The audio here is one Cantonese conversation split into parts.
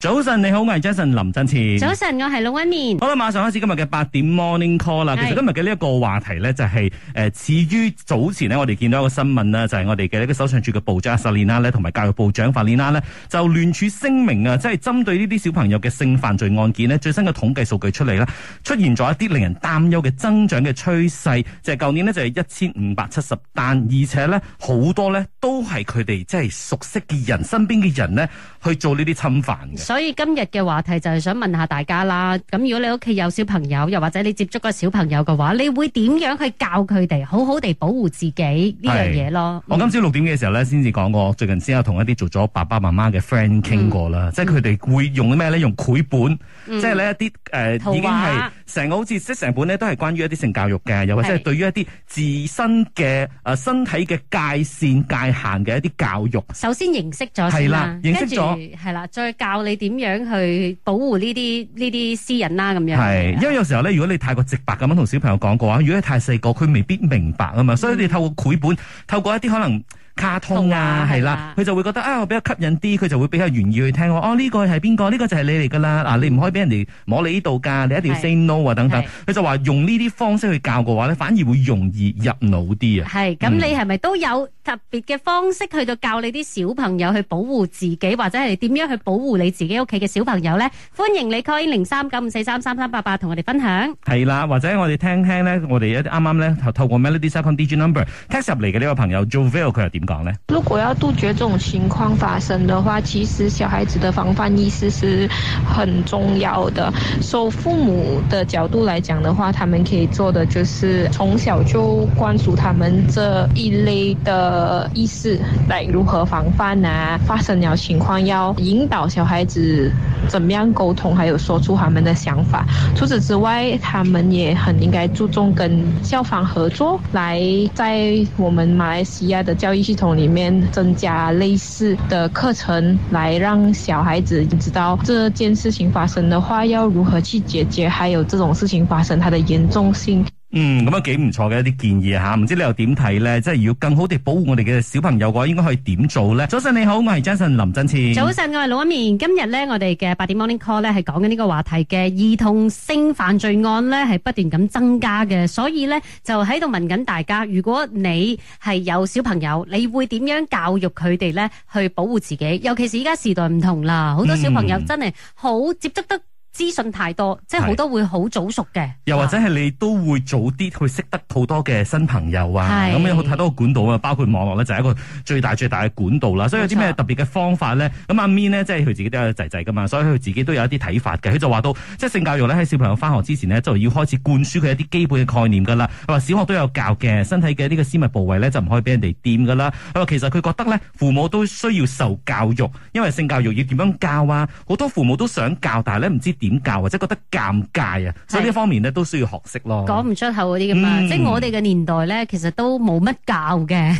早晨，你好，我係 Jason 林振前。早晨，我係老威面。好啦，馬上開始今日嘅八點 Morning Call 啦。是其實今日嘅呢一個話題咧、就是，就係誒，始於早前咧，我哋見到一個新聞啦，就係、是、我哋嘅呢個首相署嘅部長阿薩麗娜咧，同埋教育部長法蓮娜咧，就聯署聲明啊，即、就、係、是、針對呢啲小朋友嘅性犯罪案件咧，最新嘅統計數據出嚟啦，出現咗一啲令人擔憂嘅增長嘅趨勢。就係、是、舊年咧，就係一千五百七十單，而且咧好多咧都係佢哋即係熟悉嘅人，身邊嘅人咧去做呢啲侵犯嘅。所以今日嘅話題就係想問下大家啦，咁如果你屋企有小朋友，又或者你接觸個小朋友嘅話，你會點樣去教佢哋好好地保護自己呢樣嘢咯？我今朝六點嘅時候咧，先至講過，最近先有同一啲做咗爸爸媽媽嘅 friend 傾過啦，嗯、即係佢哋會用咩咧？用繪本，嗯、即係呢一啲誒，呃、和 已經係。成個好似即成本咧，都係關於一啲性教育嘅，又或者係對於一啲自身嘅誒、呃、身體嘅界線界限嘅一啲教育。首先認識咗係啦，認識咗係啦，再教你點樣去保護呢啲呢啲私隱啦，咁樣。係的，的因為有時候咧，如果你太過直白咁樣同小朋友講過話，如果你太細個，佢未必明白啊嘛，所以你透過繪本，透過一啲可能。卡通啊，係啦、嗯啊，佢就會覺得啊，哎、我比較吸引啲，佢就會比較願意去聽。哦、呢、這個係邊個？呢、這個就係你嚟噶啦！嗱、嗯啊，你唔可以俾人哋摸你呢度噶，你一定要 say 是 no 啊！等等，佢是就話用呢啲方式去教嘅話咧，反而會容易入腦啲啊！係，咁你係咪都有、嗯？特別嘅方式去到教你啲小朋友去保護自己，或者係點樣去保護你自己屋企嘅小朋友咧？歡迎你 call 零三九五四三三三八八同我哋分享。係啦，或者我哋聽聽咧，我哋一啲啱啱咧透過過 melody seven digit number 聽入嚟嘅呢個朋友 Joel 佢又點講咧？Ville, 呢如果要杜絕這種情況發生的話，其實小孩子的防範意識是很重要的。從、so, 父母的角度來講嘅話，他們可以做的就是從小就灌輸他們這一類的。呃，意識來如何防範啊？發生了情況要引導小孩子怎麼樣溝通，還有說出他們的想法。除此之外，他們也很應該注重跟校方合作，來在我們馬來西亞的教育系統裏面增加類似的課程，來讓小孩子知道這件事情發生的話要如何去解決，還有這種事情發生它的嚴重性。嗯，咁樣幾唔錯嘅一啲建議吓，唔知你又點睇咧？即係要更好地保護我哋嘅小朋友嘅話，應該可以點做咧？早晨你好，我係張信林振次。早晨，我係老一面。今日咧，我哋嘅八點 morning call 咧係講緊呢個話題嘅兒童性犯罪案咧係不斷咁增加嘅，所以咧就喺度問緊大家，如果你係有小朋友，你會點樣教育佢哋咧去保護自己？尤其是依家時代唔同啦，好多小朋友真係好接觸得、嗯。資訊太多，即係好多會好早熟嘅，又或者係你都會早啲去識得好多嘅新朋友啊，咁是有太多個管道啊，包括網絡咧就係一個最大最大嘅管道啦。所以有啲咩特別嘅方法咧？咁阿 Min 呢，即係佢自己都有仔仔㗎嘛，所以佢自己都有一啲睇法嘅。佢就話到，即係性教育咧喺小朋友返學之前呢，就要開始灌輸佢一啲基本嘅概念㗎啦。佢話小學都有教嘅，身體嘅呢個私密部位咧就唔可以俾人哋掂㗎啦。佢話其實佢覺得咧，父母都需要受教育，因為性教育要點樣教啊？好多父母都想教，但係咧唔知點。點教或、啊、者覺得尷尬啊？所以呢方面咧是都需要學識咯。講唔出口嗰啲噶嘛，嗯、即係我哋嘅年代咧，其實都冇乜教嘅，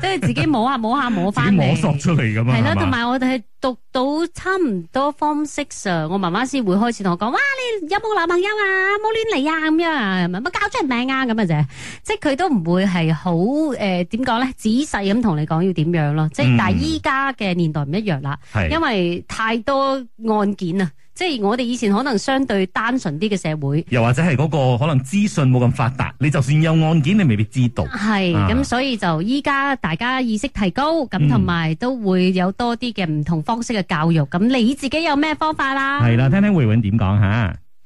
即 係自己摸一下摸一下摸翻摸索出嚟，咁啊。係咯吧，同埋我哋係讀到差唔多 Form 6，我媽媽先會開始同我講：哇，你有冇男朋友啊？冇亂嚟啊？咁樣啊？乜搞出人命啊？咁啊？啫，即係佢都唔會係好誒點講咧？仔細咁同你講要點樣咯？即係、嗯、但係依家嘅年代唔一樣啦，因為太多案件啊。即係我哋以前可能相對單純啲嘅社會，又或者係嗰個可能資訊冇咁發達，你就算有案件，你未必知道。係咁的，啊、所以就依家大家意識提高，咁同埋都會有多啲嘅唔同方式嘅教育。咁你自己有咩方法啦、啊？係啦，聽聽惠永點講吓。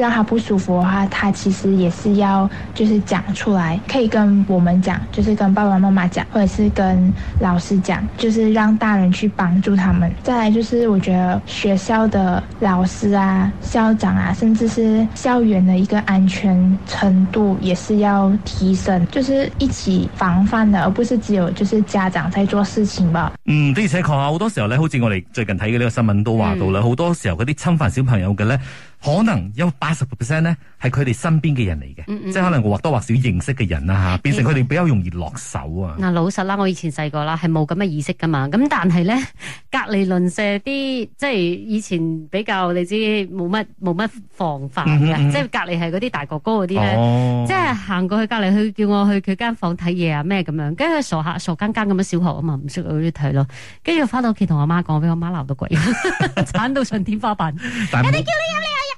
讓他不舒服的話，他其實也是要就是講出來，可以跟我們講，就是跟爸爸媽媽講，或者是跟老師講，就是讓大人去幫助他們。再來就是，我覺得學校的老師啊、校長啊，甚至是校園的一個安全程度，也是要提升，就是一起防範的，而不是只有就是家長在做事情吧。嗯，的而且確，好多時候呢，好似我哋最近睇嘅呢個新聞都話到啦，好、嗯、多時候嗰啲侵犯小朋友嘅呢。可能有八十 percent 咧，係佢哋身邊嘅人嚟嘅，嗯嗯嗯即係可能我或多或少認識嘅人啦吓，嗯嗯變成佢哋比較容易落手啊。嗱、嗯、老實啦，我以前細個啦，係冇咁嘅意識噶嘛。咁但係咧，隔籬鄰舍啲即係以前比較你知冇乜冇乜防範嘅，嗯嗯嗯即係隔籬係嗰啲大哥哥嗰啲咧，哦、即係行過去隔籬去叫我去佢間房睇嘢啊咩咁樣，跟住佢傻下傻更更咁樣小學啊嘛，唔識去啲睇咯。跟住翻到屋企同我媽講，俾我媽鬧到鬼，慘 到上天花板。不人哋叫你,、啊你啊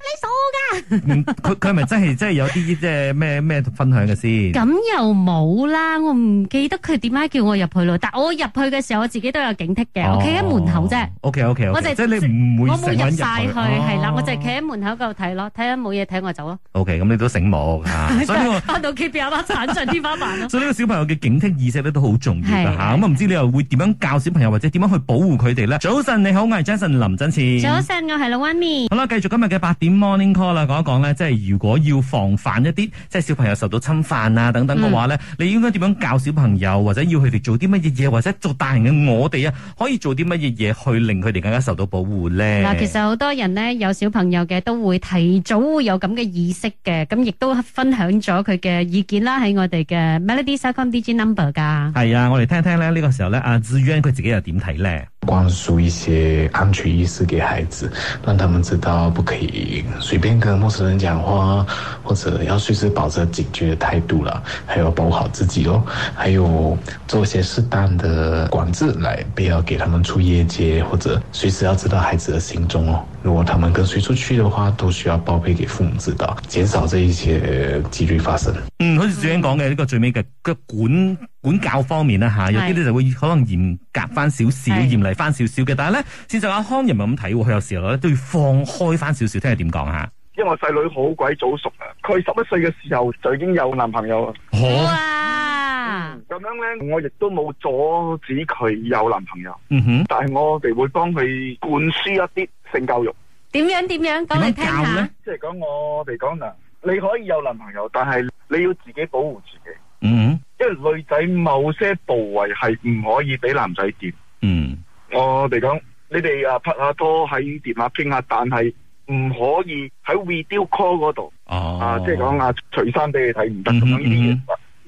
佢佢咪真係真係有啲即係咩咩分享嘅先？咁又冇啦，我唔記得佢點解叫我入去咯。但係我入去嘅時候，我自己都有警惕嘅。我企喺門口啫。O K O K，我哋即係你唔會成日穩晒去係啦。我就企喺門口度睇咯，睇下冇嘢睇我走咯。O K，咁你都醒悟吓。所以翻到屋企變阿媽鏟上天花板咯。所以呢個小朋友嘅警惕意識咧都好重要吓。咁啊唔知你又會點樣教小朋友或者點樣去保護佢哋咧？早晨你好，我係 Jason 林振詞。早晨我係劉彎面。好啦，繼續今日嘅八點 Morning Call 啦。講一講咧，即係如果要防範一啲，即係小朋友受到侵犯啊等等嘅話咧，嗯、你應該點樣教小朋友，或者要佢哋做啲乜嘢嘢，或者做大人嘅我哋啊，可以做啲乜嘢嘢去令佢哋更加受到保護咧？嗱，其實好多人咧有小朋友嘅都會提早會有咁嘅意識嘅。咁亦都分享咗佢嘅意見啦，喺我哋嘅 Melody Telecom D G Number 噶。係啊，我哋聽聽咧，呢個時候咧，阿志淵佢自己又點睇咧？灌輸一些安全意識給孩子，讓他們知道不可以隨便跟陌生人講話，或者要隨時保持警覺的態度啦。還有保護好自己咯，還有做一些適當的管制來，來不要給他們出夜街，或者隨時要知道孩子的行蹤哦。如果他們跟誰出去的話，都需要報備給父母知道，減少這一些幾率發生。嗯，好似主持人講嘅呢個最尾嘅管管教方面呢吓，有些啲就會可能嚴格翻少少嚴厲。翻少少嘅，但係咧，事實阿康又唔係咁睇，佢有時候咧都要放開翻少少，聽下點講吓。因為我細女好鬼早熟啊，佢十一歲嘅時候就已經有男朋友啦。好啊、哦，咁哇樣咧，我亦都冇阻止佢有男朋友。嗯哼，但係我哋會幫佢灌輸一啲性教育。點樣點樣講嚟聽下？即係講我哋講嗱，你可以有男朋友，但係你要自己保護自己。嗯哼因為女仔某些部位係唔可以俾男仔掂。嗯。我哋講，你哋啊拍下拖喺電話傾下，但係唔可以喺 video call 嗰度，哦、啊，即係講啊，隨生俾你睇唔得咁樣呢啲嘢。咁，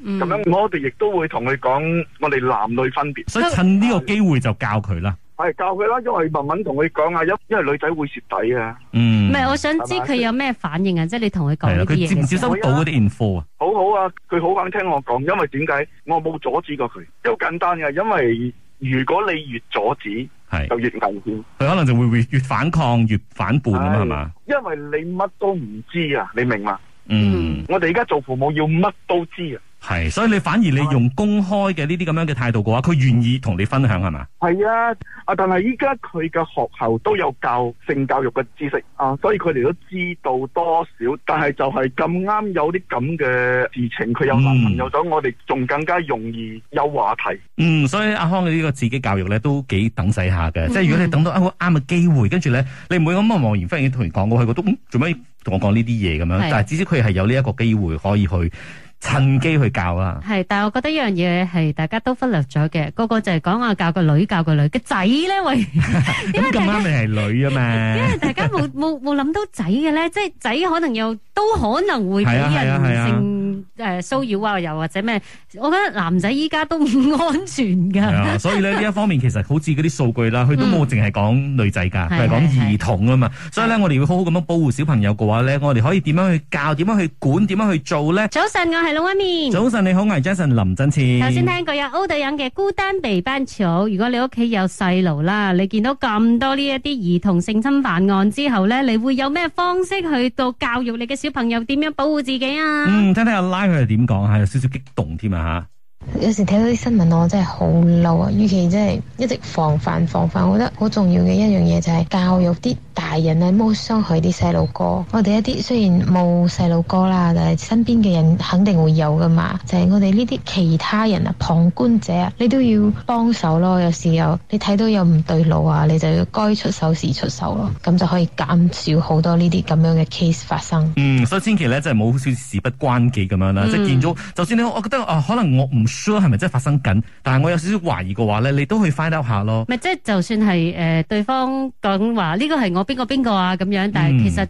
嗯嗯、樣我哋亦都會同佢講，我哋男女分別。所以趁呢個機會就教佢啦。係，嗯、教佢啦，因為慢慢同佢講啊，因因為女仔會蝕底啊。嗯，唔係我想知佢有咩反應啊，即係吧對你同佢講呢啲嘢。佢，啊、接唔接收到嗰啲 info 啊？好好啊，佢好肯聽我講，因為點解我冇阻止過佢？好簡單嘅，因為。如果你越阻止，係是就越危險，佢可能就會越，越反抗越反叛啊嘛，是吧因為你乜都唔知啊，你明嘛？嗯，我哋而家做父母要乜都知啊。係，所以你反而你用公開嘅呢啲咁樣嘅態度嘅話，佢願意同你分享係嘛？係啊，是啊！但係依家佢嘅學校都有教性教育嘅知識啊，所以佢哋都知道多少。但係就係咁啱有啲咁嘅事情，佢有男朋友咗，嗯、我哋仲更加容易有話題。嗯，所以阿康嘅呢個自己教育咧都幾等使下嘅，嗯、即係如果你等到一個啱嘅機會，跟住咧你唔會咁樣望完忽然突然講，我係覺得做咩同我講呢啲嘢咁樣？嗯、是但係至少佢係有呢一個機會可以去。趁機去教啊，係，但係我覺得一樣嘢係大家都忽略咗嘅，個個就係講話教個女，教個女，個仔咧，喂，咁咁啱你係女啊嘛，因為大家冇冇冇諗到仔嘅咧，即係仔可能又都可能會俾人性。誒，騷擾啊，又或者咩？我覺得男仔依家都唔安全噶、 啊，所以呢呢一方面 其實好似嗰啲數據啦，佢都冇淨係講女仔噶，係講、嗯、兒童啊嘛。是是是是所以呢，我哋要好好咁樣保護小朋友嘅話呢，我哋可以點樣去教、點樣去管、點樣去做呢？早晨，我係露一面。A、早晨，你好，我係 Jason 林振次頭先聽過有歐得洋嘅孤單北半球，如果你屋企有細路啦，你見到咁多呢一啲兒童性侵犯案之後呢，你會有咩方式去到教育你嘅小朋友點樣保護自己啊？嗯，聽聽。拉佢係點講啊？有少少激動添啊！嚇有時睇到啲新聞，我真係好嬲啊！尤其真係一直防範防範，我覺得好重要嘅一樣嘢就係、是、教育啲大人啊，唔好傷害啲細路哥。我哋一啲雖然冇細路哥啦，但係身邊嘅人肯定會有㗎嘛。就係、是、我哋呢啲其他人啊，旁觀者啊，你都要幫手咯。有時有你睇到有唔對路啊，你就要該出手時出手咯，咁就可以減少好多呢啲咁樣嘅 case 發生。嗯，所以千祈咧真係冇小事不關己咁樣啦，即係見到、嗯、就算你，我覺得啊，可能我唔。係咪真係發生緊？但係我有少少懷疑嘅話咧，你都可以 find out 下咯。唔係，即係就算係誒，對方講話呢個係我邊個邊個啊咁樣，但係其實。嗯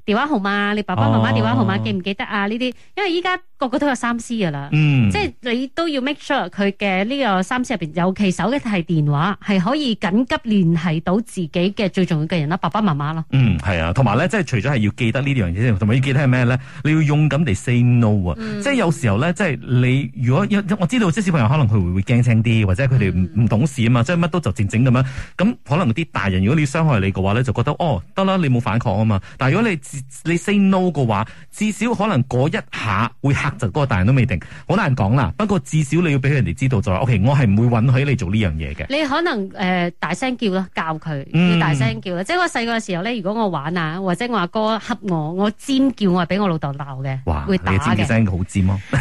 電話號碼，你爸爸媽媽電話號碼、啊、記唔記得啊？呢啲，因為依家個個都有三 C 噶啦，嗯、即係你都要 make sure 佢嘅呢個三 C 入邊，尤其手機係電話，係可以緊急聯繫到自己嘅最重要嘅人啦，爸爸媽媽咯。嗯，係啊，同埋咧，即係除咗係要記得呢樣嘢之外，同埋要記得係咩咧？你要勇敢地 say no 啊！嗯、即係有時候咧，即係你如果我知道，即係小朋友可能佢會會驚青啲，或者佢哋唔唔懂事啊嘛，嗯、即係乜都就靜靜咁樣。咁可能啲大人如果你要傷害你嘅話咧，就覺得哦得啦，你冇反抗啊嘛。但係如果你你 say no 嘅話，至少可能嗰一下會吓窒嗰個大人都未定，好難講啦。不過至少你要俾人哋知道就話，O K，我係唔會允許你做呢樣嘢嘅。你可能誒、呃、大聲叫啦，教佢、嗯、要大聲叫啦，即係我細個嘅時候咧，如果我玩啊，或者我阿哥恰我，我尖叫我係俾我,我老豆鬧嘅，哇會大聲音好尖咯、哦，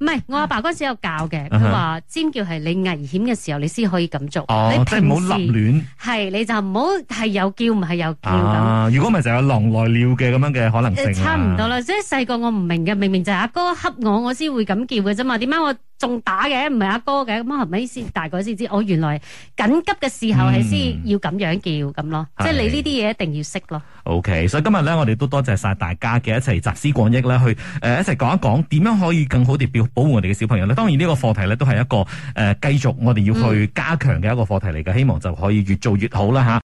唔 係 我阿爸嗰時有教嘅，佢話尖叫係你危險嘅時候你先可以咁做，哦、你即係唔好立亂，係你就唔好係有叫唔係有叫咁。啊、樣如果唔係就狼來料嘅咁樣嘅可能性，差唔多啦。即係細個我唔明嘅，明明就係阿哥恰我，我先會咁叫嘅啫嘛。點解我仲打嘅？唔係阿哥嘅。咁後尾先大個先知，我原來緊急嘅時候係先要咁樣叫咁咯。即係你呢啲嘢一定要識咯。OK，所以今日咧，我哋都多謝晒大家嘅一齊集思廣益咧，去誒一齊講一講點樣可以更好地保保護我哋嘅小朋友咧。當然呢個課題咧都係一個誒繼續我哋要去加強嘅一個課題嚟嘅。希望就可以越做越好啦吓。